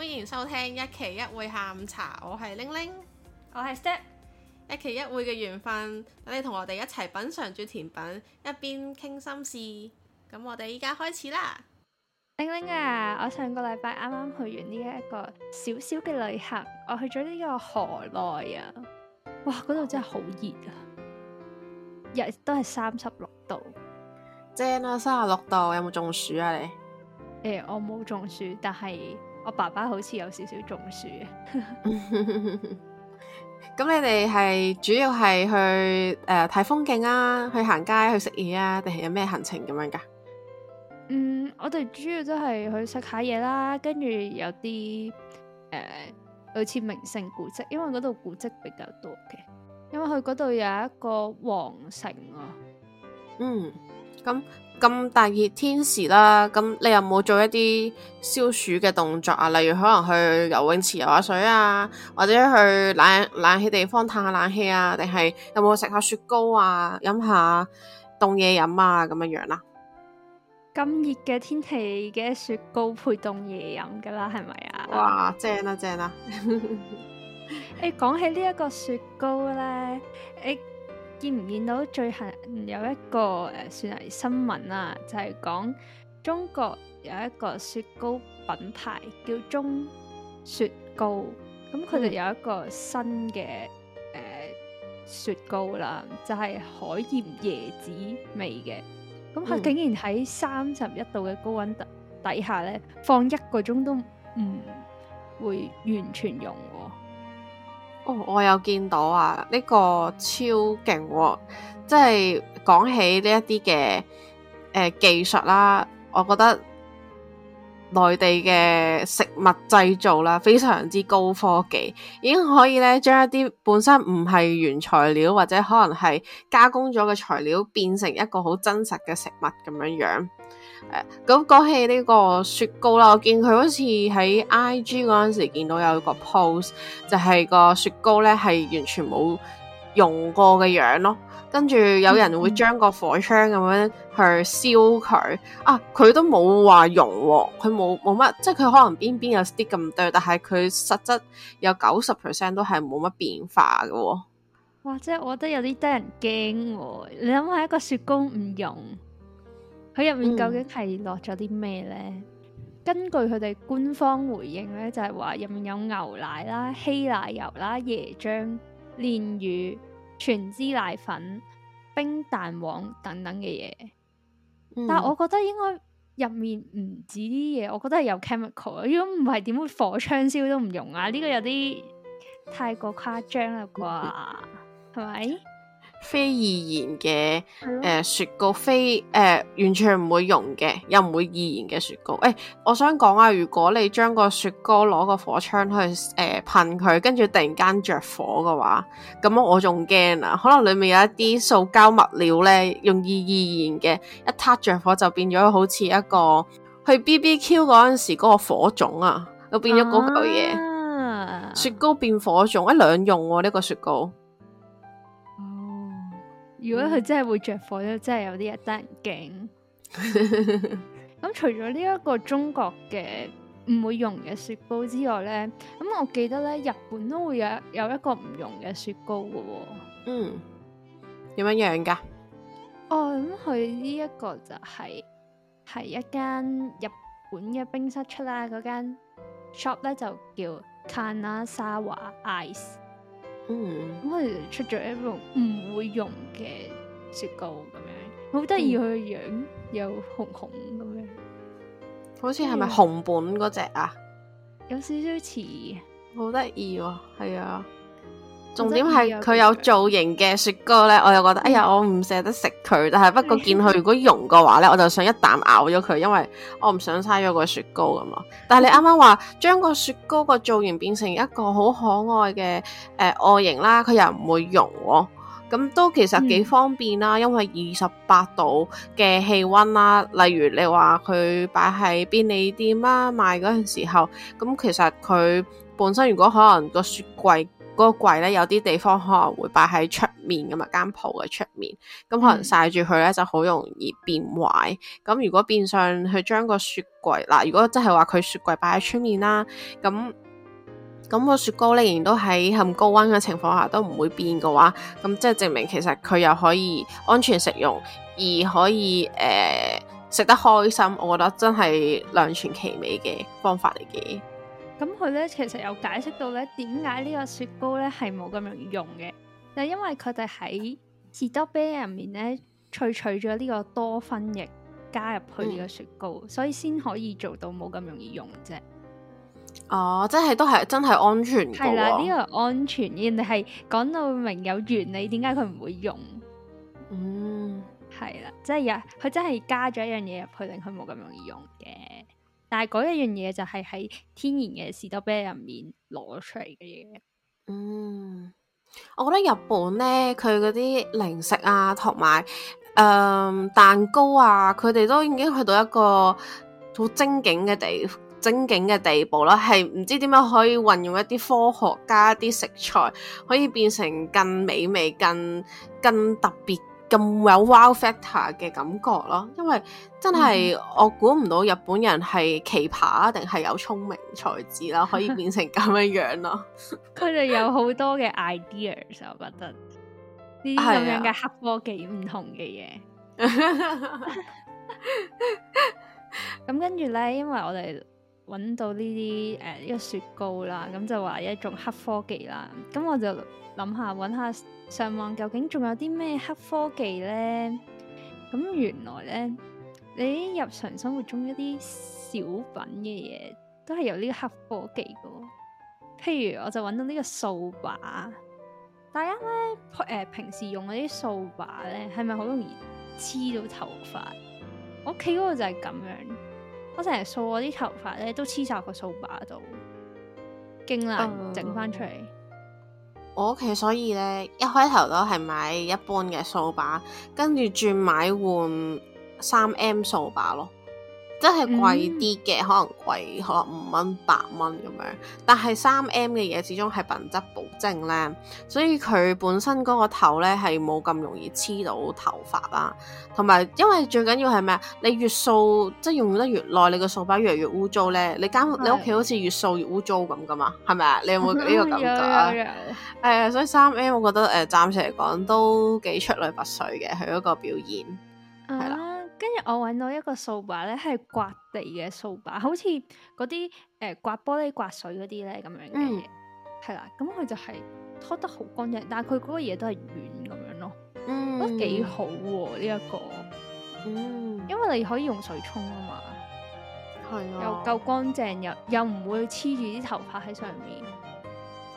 歡迎收聽一期一會下午茶，我係玲玲，我係是 Step，一期一會嘅緣分，等你同我哋一齊品嘗住甜品，一邊傾心事。咁我哋依家開始啦，玲玲啊，我上個禮拜啱啱去完呢一個小小嘅旅行，我去咗呢個河內啊，哇，嗰度真係好熱啊，日都係三十六度，正啊，三十六度，有冇中暑啊你？誒、欸，我冇中暑，但係。我爸爸好似有少少中暑嘅，咁你哋係主要係去誒睇、呃、風景啊，去行街去食嘢啊，定係有咩行程咁樣㗎？嗯，我哋主要都係去食下嘢啦，跟住有啲誒、呃、類似名勝古蹟，因為嗰度古蹟比較多嘅，因為佢嗰度有一個皇城啊，嗯，咁。咁大熱天時啦，咁你有冇做一啲消暑嘅動作啊？例如可能去游泳池游下水啊，或者去冷冷氣地方嘆下冷氣啊，定係有冇食下雪糕啊，飲下凍嘢飲啊咁樣樣啊？咁熱嘅天氣嘅雪糕配凍嘢飲噶啦，係咪啊？哇，正啦正啦！誒，講起呢一個雪糕咧，誒、欸。見唔見到最近有一個誒、呃、算係新聞啦、啊，就係、是、講中國有一個雪糕品牌叫鐘薛高，咁佢哋有一個新嘅誒、呃、雪糕啦，就係、是、海鹽椰子味嘅，咁佢竟然喺三十一度嘅高溫底下咧，放一個鐘都唔會完全溶喎、喔。哦、我有見到啊！呢、呢個超勁喎，即係講起呢一啲嘅誒技術啦，我覺得內地嘅食物製造啦，非常之高科技，已經可以呢將一啲本身唔係原材料或者可能係加工咗嘅材料，變成一個好真實嘅食物咁樣樣。誒，咁講、嗯、起呢個雪糕啦，我見佢好似喺 IG 嗰陣時見到有一個 post，就係個雪糕咧係完全冇用過嘅樣咯。跟住有人會將個火槍咁樣去燒佢，嗯、啊，佢都冇話溶，佢冇冇乜，即係佢可能邊邊有啲咁對，但係佢實質有九十 percent 都係冇乜變化嘅。哇，即係我覺得有啲得人驚，你諗下一個雪糕唔溶。佢入面究竟係落咗啲咩呢？嗯、根據佢哋官方回應呢就係話入面有牛奶啦、稀奶油啦、椰漿、煉乳、全脂奶粉、冰蛋黃等等嘅嘢。嗯、但係我覺得應該入面唔止啲嘢，我覺得係有 chemical。如果唔係點會火槍燒都唔溶啊？呢、呢個有啲太過誇張啦啩，係咪？ 非易燃嘅誒雪糕，非誒、呃、完全唔會溶嘅，又唔會易燃嘅雪糕。誒、欸，我想講啊，如果你將個雪糕攞個火槍去誒、呃、噴佢，跟住突然間着火嘅話，咁我仲驚啊！可能裡面有一啲塑膠物料咧，容易易燃嘅，一撻着火就變咗好似一個去 BBQ 嗰陣時嗰個火種啊，都變咗嗰嚿嘢。啊、雪糕變火種，一、欸、兩用喎、啊、呢、這個雪糕。如果佢真係會着火，都、嗯、真係有啲人得人驚。咁 除咗呢一個中國嘅唔會溶嘅雪糕之外咧，咁我記得咧日本都會有有一個唔溶嘅雪糕嘅喎、哦。嗯，點樣樣噶？哦，咁佢呢一個就係、是、係一間日本嘅冰室出啦，嗰間 shop 咧就叫 Kanazawa Ice。我係、嗯、出咗一種唔會融嘅雪糕咁樣，好得意佢嘅樣，又紅紅咁樣，好似係咪紅本嗰隻啊？有少少似，好得意喎，係啊。重點係佢有造型嘅雪糕呢。我又覺得、嗯、哎呀，我唔捨得食佢，但係不過見佢如果溶嘅話呢， 我就想一啖咬咗佢，因為我唔想嘥咗個雪糕咁咯。但係你啱啱話將個雪糕個造型變成一個好可愛嘅誒、呃、外形啦，佢又唔會溶，喔，咁都其實幾方便啦。嗯、因為二十八度嘅氣温啦，例如你話佢擺喺便利店啦、啊、賣嗰陣時候，咁其實佢本身如果可能個雪櫃。嗰個櫃咧，有啲地方可能會擺喺出面咁啊，間鋪嘅出面咁，可能曬住佢咧，就好容易變壞。咁、嗯、如果變上去將個雪櫃嗱、呃，如果真係話佢雪櫃擺喺出面啦，咁咁、個雪糕咧，仍然都喺咁高溫嘅情況下都唔會變嘅話，咁即係證明其實佢又可以安全食用，而可以誒、呃、食得開心。我覺得真係兩全其美嘅方法嚟嘅。咁佢咧，其實有解釋到咧，點解呢個雪糕咧係冇咁容易溶嘅，就因為佢哋喺士多啤梨入面咧萃取咗呢個多酚液加入去呢個雪糕，嗯、所以先可以做到冇咁容易溶。啫。哦，即係都係真係安、啊這個，安全。係啦，呢個安全，人哋係講到明有原理，點解佢唔會溶？嗯，係啦，即係佢真係加咗一樣嘢入去，令佢冇咁容易溶嘅。但係嗰一樣嘢就係喺天然嘅士多啤梨入面攞出嚟嘅嘢。嗯，我覺得日本呢，佢嗰啲零食啊，同埋誒蛋糕啊，佢哋都已經去到一個好精景嘅地精景嘅地步啦，係唔知點樣可以運用一啲科學加一啲食材，可以變成更美味、更更特別。咁有 wow factor 嘅感覺咯，因為真係、嗯、我估唔到日本人係奇葩定係有聰明才智啦，可以變成咁樣樣咯。佢哋 有好多嘅 ideas，我覺得是、啊、 呢啲咁樣嘅黑科技唔同嘅嘢。咁跟住咧，因為我哋。揾到呢啲誒呢個雪糕啦，咁就話一種黑科技啦。咁我就諗下揾下上網，究竟仲有啲咩黑科技咧？咁原來咧，你日常生活中一啲小品嘅嘢都係有呢個黑科技個。譬如我就揾到呢個掃把，大家咧，誒平時用嗰啲掃把咧，係咪好容易黐到頭髮？我屋企嗰個就係咁樣。我成日掃我啲頭髮咧，都黐晒個掃把度，驚啦，整翻出嚟。我屋企所以咧，一開頭都係買一般嘅掃把，跟住轉買換三 M 掃把咯。真係貴啲嘅，可能貴可能五蚊、八蚊咁樣。但係三 M 嘅嘢，始終係品質保證咧，所以佢本身嗰個頭咧係冇咁容易黐到頭髮啦、啊。同埋，因為最緊要係咩啊？你越掃，即係用得越耐，你個掃把越嚟越污糟咧。你間是你屋企好似越掃越污糟咁噶嘛？係咪啊？你有冇呢個感覺啊？係啊 有，uh, 所以三 M 我覺得誒，暫時嚟講都幾出類拔萃嘅，佢嗰個表現係、uh. 啦。跟住我揾到一個掃把咧，係刮地嘅掃把，好似嗰啲誒刮玻璃、刮水嗰啲咧咁樣嘅嘢，係啦、嗯。咁佢就係拖得好乾淨，但係佢嗰個嘢都係軟咁樣咯。嗯，覺得幾好喎呢一個。嗯，因為你可以用水沖啊嘛，係、嗯、又夠乾淨，又又唔會黐住啲頭髮喺上面。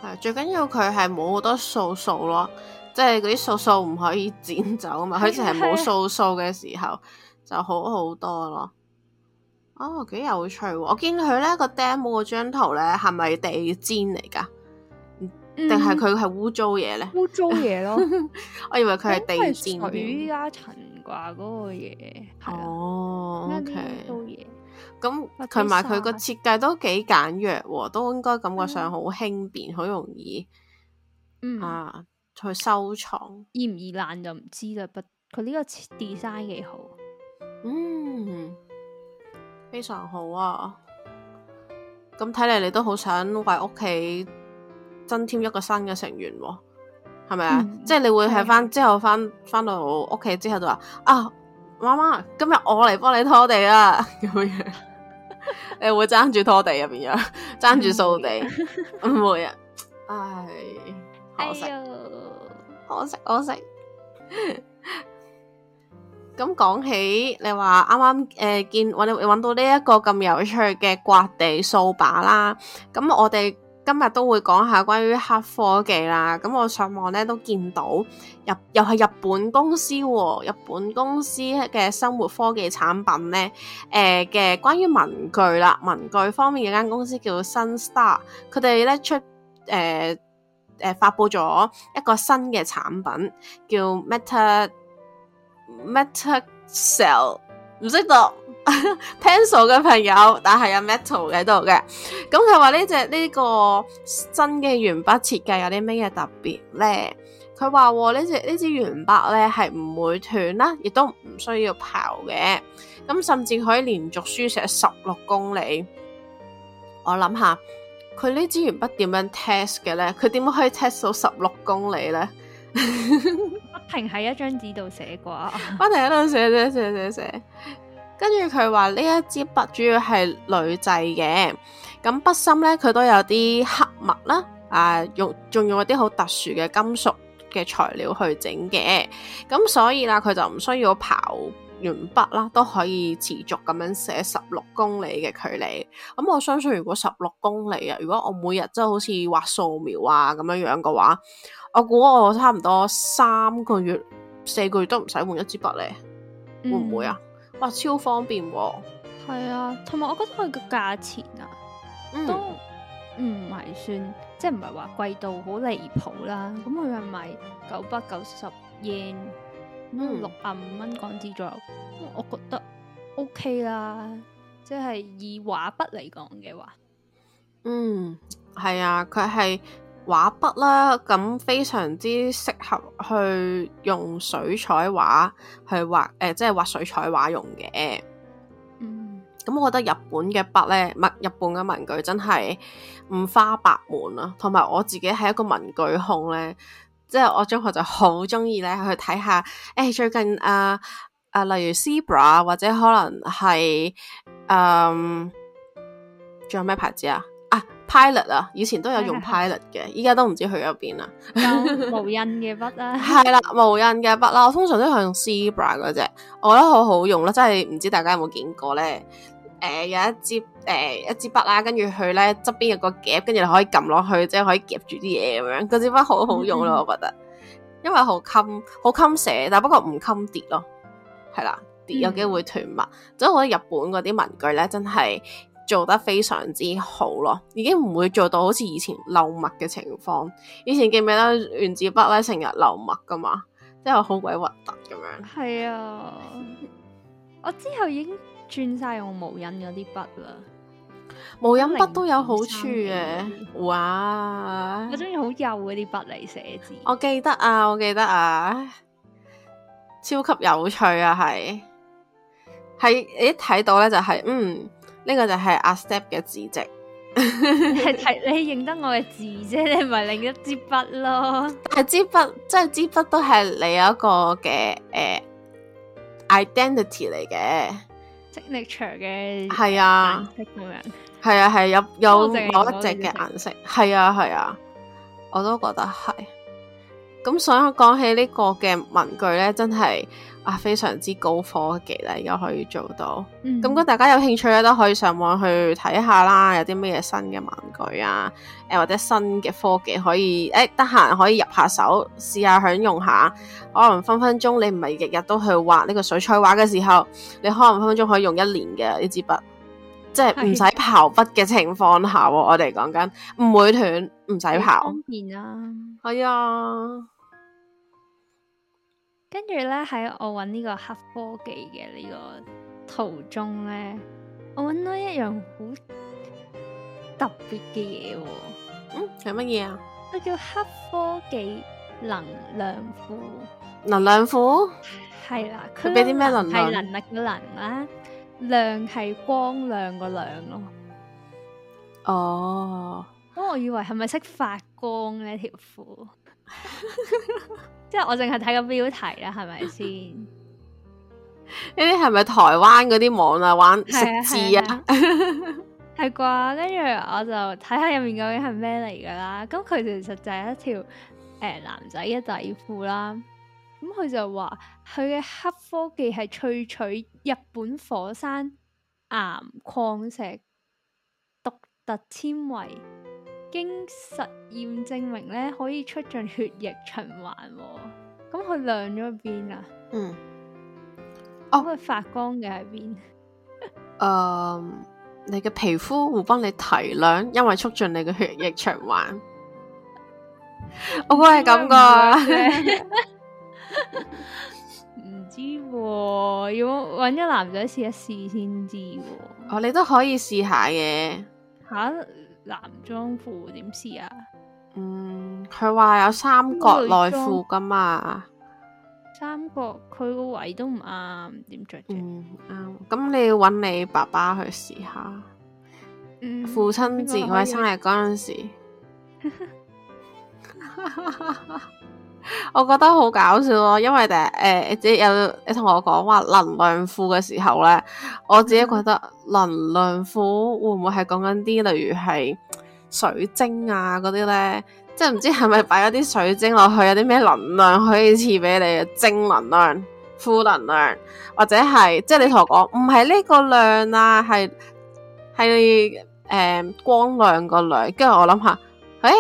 係、嗯、最緊要佢係冇好多掃掃咯，即係嗰啲掃掃唔可以剪走啊嘛。佢就係冇掃掃嘅時候。就好好多咯！哦，幾有趣、哦。我見佢咧、這個 demo 嗰張圖咧，係咪地氈嚟噶？定係佢係污糟嘢咧？污糟嘢咯， 我以為佢係地氈。佢依家塵挂嗰個嘢。哦，OK。污糟嘢、嗯。咁佢埋佢個設計都幾簡約，都應該感覺上好輕便，好容易。嗯啊，去收藏。易唔易爛就唔知啦。不，佢呢個 design 幾好。嗯，非常好啊！咁睇嚟你都好想為屋企增添一個新嘅成員，哦，係咪、嗯、啊？即係你會喺翻之後翻翻到屋企之後就話啊，媽媽，今日我嚟幫你拖地啊。咁樣， 你會爭住拖地入邊樣，爭住掃地，唔會啊！唉，可惜，可惜，哎呦，可惜。 咁講起，你話啱啱誒見揾揾到呢一個咁有趣嘅刮地掃把啦。咁、嗯、我哋今日都會講下關於黑科技啦。咁、嗯、我上網咧都見到日又係日本公司喎、啊，日本公司嘅生活科技產品咧，誒、呃、嘅關於文具啦，文具方面有間公司叫做 Sunstar，佢哋咧出誒誒、呃呃、發布咗一個新嘅產品叫 Meta。metal cell 唔識讀 pencil 嘅朋友，但係有 metal 喺度嘅，咁佢話呢隻呢、呢個新嘅鉛筆設計有啲咩嘢特別咧？佢話呢隻呢支鉛筆咧係唔會斷啦，亦都唔需要刨嘅，咁甚至可以連續書寫十六公里。我諗下佢呢支鉛筆點樣 test 嘅咧？佢點樣可以 test 到十六公里咧？ 停喺一張紙度寫過，不停喺度寫寫寫寫寫，跟住佢話呢一支筆主要係鋁製嘅，咁筆芯咧佢都有啲黑墨啦，啊用仲用一啲好特殊嘅金屬嘅材料去整嘅，咁所以啦佢就唔需要刨。鉛筆啦，都可以持續咁樣寫十六公里嘅距離。咁我相信，如果十六公里啊，如果我每日即係好似畫素描啊咁樣樣嘅話，我估我差唔多三個月，四個月都唔使換一支筆咧，會唔會啊？嗯、哇，超方便喎！係啊，同埋、啊、我覺得佢個價錢啊，都唔係、嗯嗯、算，即係唔係話貴到好離譜啦。咁佢係賣九百九十円。六、嗯 嗯、啊五蚊港紙左右，我覺得 O K 啦，即係以畫筆嚟講嘅話，嗯，係啊，佢係畫筆啦，咁非常之適合去用水彩畫去畫，誒、呃，即係畫水彩畫用嘅。嗯，咁、嗯、我覺得日本嘅筆呢，物日本嘅文具真係五花八門啊。同埋我自己係一個文具控呢。即係我中學就好中意咧，去睇下誒、欸，最近啊啊，例如 Zebra 或者可能係嗯，仲有咩牌子啊？啊 Pilot 啊，以前都有用 Pilot 嘅，依家、哎、呀都唔知去咗邊啊。就無印嘅筆啊，係啦，無印嘅筆啦，我通常都係用 Zebra 嗰隻，我覺得好好用咯，真係唔知大家有冇見過咧？誒、呃，有一支誒、呃、一支筆啦，跟住佢咧側邊有個夾，跟住你可以撳落去，即係可以夾住啲嘢咁樣。嗰支筆好好用咯，嗯、我覺得，因為好襟好襟寫，但不過唔襟跌咯，係啦，跌有機會斷墨。所以我覺得日本嗰啲文具咧，真係做得非常之好咯，已經唔會做到好似以前漏墨嘅情況。以前記唔記得原子筆咧成日漏墨噶嘛，即係好鬼核突咁樣。係啊，我之後已經。穿晒我無印嗰啲筆啦，無印筆都有好處嘅。哇，我中意好幼嗰啲筆嚟寫字。我記得啊，我記得啊，超級有趣啊，係係你一睇到咧就係、是、嗯呢、呢個就係阿 Step 嘅字跡。係 睇 你認得我嘅字啫，你咪另一支筆咯。係支筆，即係支筆都係你有一個嘅誒 identity 嚟嘅。呃色力長嘅係啊，係啊係有有某一隻嘅顏色，係啊係啊,啊，我都覺得係。咁所以我講起呢個嘅文具咧，真係。啊，非常之高科技啦！而家可以做到，咁如果大家有興趣咧，都可以上網去睇下啦，有啲咩新嘅文具啊，誒或者新嘅科技可以，誒得閒可以入下手試下享用下。可能分分鐘你唔係日日都去畫呢個水彩畫嘅時候，你可能分分鐘可以用一年嘅呢支筆，即係唔使刨筆嘅情況下、啊，的我哋講緊唔會斷，唔使刨。啊！係啊！跟住咧，喺我揾呢個黑科技嘅呢個途中咧，我揾到一樣好特別嘅嘢喎。嗯，係乜嘢啊？佢叫黑科技能量褲。能量褲？係啦、 啊，佢俾啲咩能量？係能，能力嘅能啦、啊，量係光亮嘅量咯。哦，咁、哦、我以為係咪識發光呢條褲？ 即係我淨係睇個標題啦，係咪先？呢啲係咪台灣嗰啲網啊玩食字啊？係啩？ 跟住我就睇下入面究竟係咩嚟噶啦。咁佢其實就係一條誒、呃、男仔嘅底褲啦。咁佢就話佢嘅黑科技係萃取日本火山岩礦石獨特纖維。經實驗證明咧，可以促進血液循環。咁佢亮咗邊啊？嗯。哦，佢發光嘅喺邊？誒，你嘅皮膚會幫你提亮，因為促進你嘅血液循環。我估係噉㗎。唔知喎，要搵一男仔試一試先知。哦，你都可以試下嘅。吓？男裝褲點試啊？嗯嗯？嗯，佢話有三角內褲噶嘛？三角佢個位都唔啱，點着住？嗯啱，咁你要搵你爸爸去試下。嗯、父親節佢生日嗰陣時。 我覺得好搞笑咯，因為誒誒，即、呃、係有你同我講話能量庫嘅時候咧，我自己覺得能量庫會唔會係講緊啲，例如係水晶啊嗰啲咧，即係唔知係咪擺咗啲水晶落去，有啲咩能量可以賜俾你嘅正能量、負能量，或者係即係你同我講唔係呢個量啊，係係誒光亮個量，跟住我諗下，誒、哎。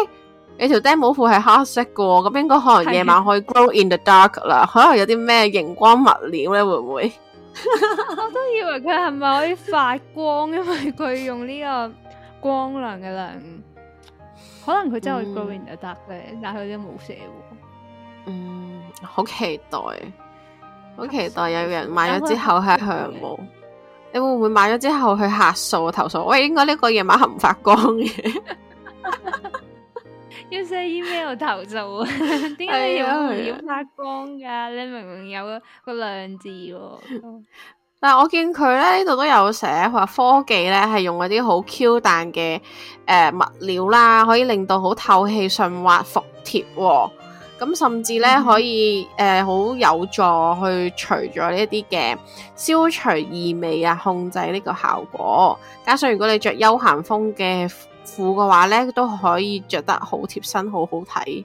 你條 demo 褲係黑色噶、哦，咁應該可能夜晚可以 grow in the dark 啦，的可能有啲咩熒光物料咧，會唔會？ 我都以為佢係咪可以發光， 因為佢用呢個光亮嘅亮。可能佢真係 grow in the dark 但係佢都冇寫。嗯，好、嗯、期待，好期待有人買咗之後係向慕。 你會唔會買咗之後去客訴投訴？喂，應該呢個夜晚係唔發光嘅。 要寫 email 投訴啊？點解要唔要發光噶？哎哎、你明明有個個兩字喎、哦。嗯、但係我見佢咧呢度都有寫，話科技咧係用嗰啲好 Q 彈嘅誒物料啦，可以令到好透氣、順滑、服帖、哦。咁甚至咧、嗯、可以誒好、呃、有助去除咗呢一啲嘅消除異味啊，控制呢個效果。加上如果你着休閒風嘅。褲嘅話咧都可以着得好貼身，好好睇。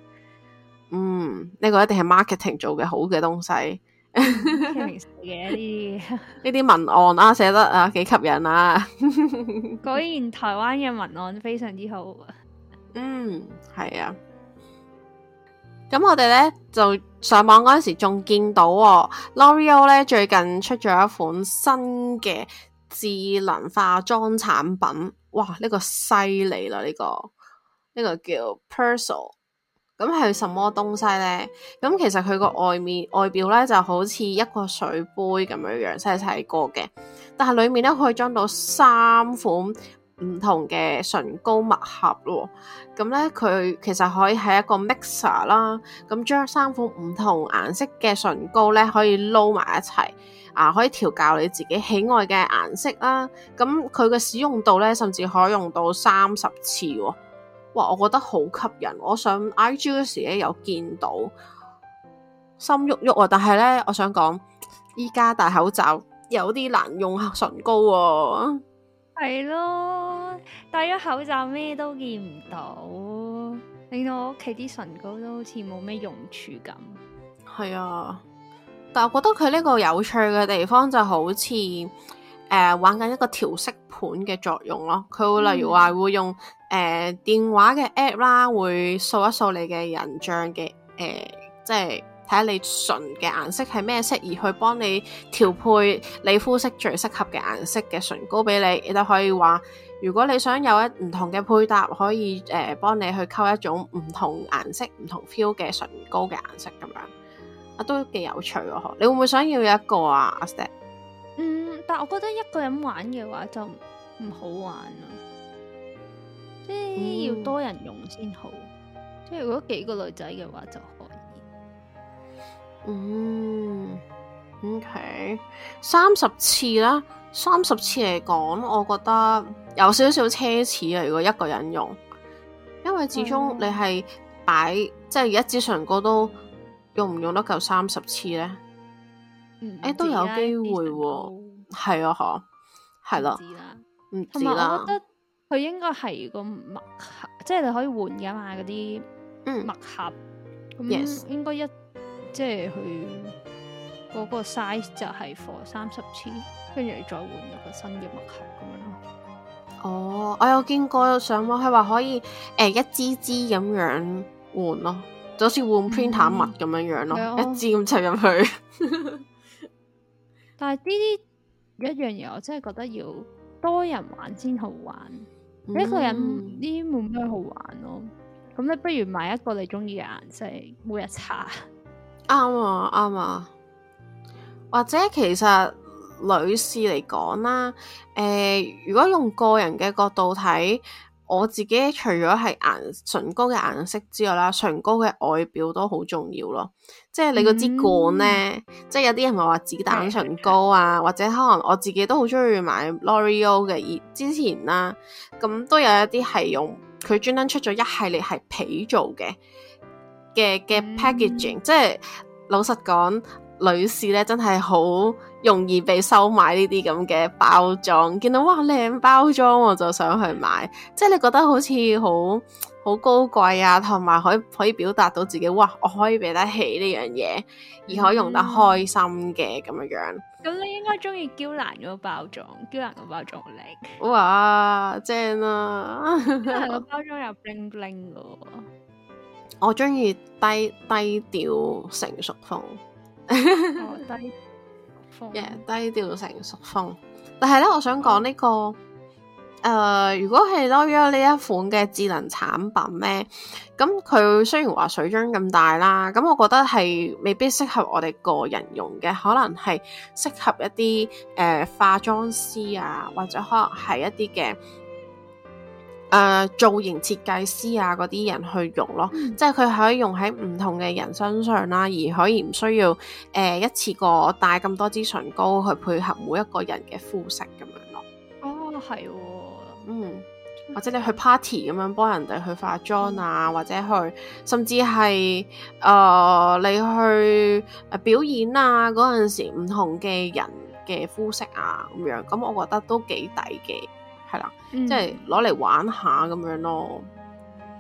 嗯，呢、這個一定係 marketing 做嘅好嘅東西。嘅呢啲呢啲文案啊，寫得啊幾吸引啊！果然台灣嘅文案非常之好。 嗯，係啊。咁我哋咧就上網嗰陣時仲見到、哦、L'Oreal 咧最近出咗一款新嘅。智能化妝產品，哇！呢個犀利啦，呢個呢個叫 Pearl，咁係什麼東西呢？咁其實佢個外面外表咧就好似一個水杯咁樣樣，細細個嘅，但係裏面咧可以裝到三款唔同嘅唇膏密盒咯。咁咧佢其實可以係一個 mixer 啦，咁將三款唔同顏色嘅唇膏咧可以撈埋一齊。啊，可以調教你自己喜愛嘅顏色啦、啊，咁佢嘅使用度咧，甚至可以用到三十次、哦，哇！我覺得好吸引。我上 IG 嗰時咧有見到，心喐喐啊！但係咧，我想講依家戴口罩有啲難用唇膏、啊。係咯，戴咗口罩咩都見唔到，令到我屋企啲唇膏都好似冇咩用處咁。係啊。但我覺得佢呢個有趣嘅地方就好似誒、呃、玩緊一個調色盤嘅作用咯。佢會例如話會用誒、呃、電話嘅 app 啦，會掃一掃你嘅人像嘅誒、呃，即係睇下你唇嘅顏色係咩色，而去幫你調配你膚色最適合嘅顏色嘅唇膏俾你。你都可以話，如果你想有一唔同嘅配搭，可以誒、呃、幫你去溝一種唔同顏色、唔同 feel 嘅唇膏嘅顏色咁樣。啊，都幾有趣喎！你會唔會想要一個啊？阿 Sir，嗯，但我覺得一個人玩嘅話就唔好玩咯，即係要多人用先好。即係、嗯、如果幾個女仔嘅話就可以。嗯，OK，三十次啦，三十次嚟講，我覺得有少少奢侈啊。如果一個人用，因為始終你係擺、嗯、即係一支唇膏都。用唔用得夠三十次咧？誒、啊欸，都有機會，係啊，嗬，係咯、啊，唔知啦，同埋我覺得佢應該係個墨盒，即、就、係、是、你可以換噶嘛嗰啲墨盒。yes、嗯、應該一 yes. 即係佢嗰個 size 就係 for 三十次，跟住你再換一個新嘅墨盒咁樣咯。哦，我有見過有上網，佢話可以誒、欸、一支支咁樣換咯。就好似換 printer 墨咁樣、mm、樣咯，一支咁插入去。但係呢啲一樣嘢，我真係覺得要多人玩先好玩。Mm hmm. 一個人呢啲冇咩好玩咯。咁你不如買一個你中意嘅顏色，每日搽。啱啊，啱啊。或者其實女士嚟講啦，誒、呃，如果用個人嘅角度睇。我自己除咗係顏唇膏嘅顏色之外啦，唇膏嘅外表都好重要咯。即係你嗰支管咧，mm hmm. 即係有啲人咪話子彈唇膏啊，mm hmm. 或者可能我自己都好中意買 L'Oreal 嘅。之前啦，咁都有一啲係用佢專登出咗一系列係皮做嘅嘅嘅 packaging。Pack aging, mm hmm. 即係老實講，女士咧真係好。容易被收買呢啲咁嘅包裝，見到哇，靚包裝我就想去買，即係你覺得好似好好高貴啊，同埋可以可以表達到自己，哇，我可以俾得起呢樣嘢，而可以用得開心嘅咁樣樣。咁你應該中意嬌蘭個包裝，嬌蘭個包裝靚。哇，正啊！ 個包裝又 bling bling 嘅，我中意低低調成熟風， 哦，低調嘅 Yeah, 低調成熟風，但係咧，我想講呢、這個，誒、呃，如果係攞咗呢一款嘅智能產品咧，咁佢雖然話水樽咁大啦，咁我覺得係未必適合我哋個人用嘅，可能係適合一啲誒、呃、化妝師啊，或者可能係一啲嘅。誒、呃、造型設計師啊，嗰啲人去用咯，嗯、即係佢可以用喺唔同嘅人身上啦，而可以唔需要誒、呃、一次過帶咁多支唇膏去配合每一個人嘅膚色咁樣咯。哦，係喎、哦，嗯，或者你去 party 咁樣幫人哋去化妝啊，嗯、或者去甚至係誒、呃、你去誒表演啊嗰陣時唔同嘅人嘅膚色啊咁樣，咁我覺得都幾抵嘅。係啦，嗯、即係攞嚟玩下咁樣咯。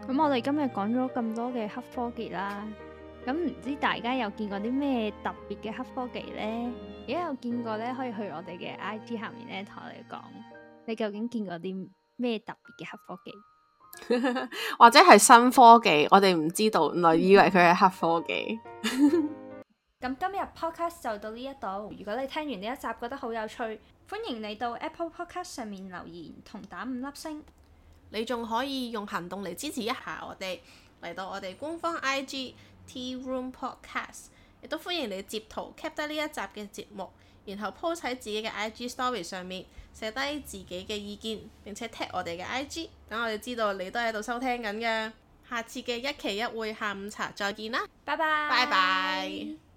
咁、嗯、我哋今日講咗咁多嘅黑科技啦，咁唔知大家有見過啲咩特別嘅黑科技呢？如果有見過呢，可以去我哋嘅 IG 下面咧，同我哋講你究竟見過啲咩特別嘅黑科技， 或者係新科技，我哋唔知道，原來 以為佢係黑科技。咁 今日 podcast 就到呢一度，如果你聽完呢一集覺得好有趣。歡迎你到 Apple Podcast 上面留言同打五粒星，你仲可以用行動嚟支持一下我哋，嚟到我哋官方 IG Tea Room Podcast，亦都歡迎你截圖 cap 低呢一集嘅節目，然後 post 喺自己嘅 IG Story 上面寫低自己嘅意見，並且踢我哋嘅 IG，等我哋知道你都喺度收聽緊嘅，下次嘅一期一會下午茶再見啦，拜拜，拜拜。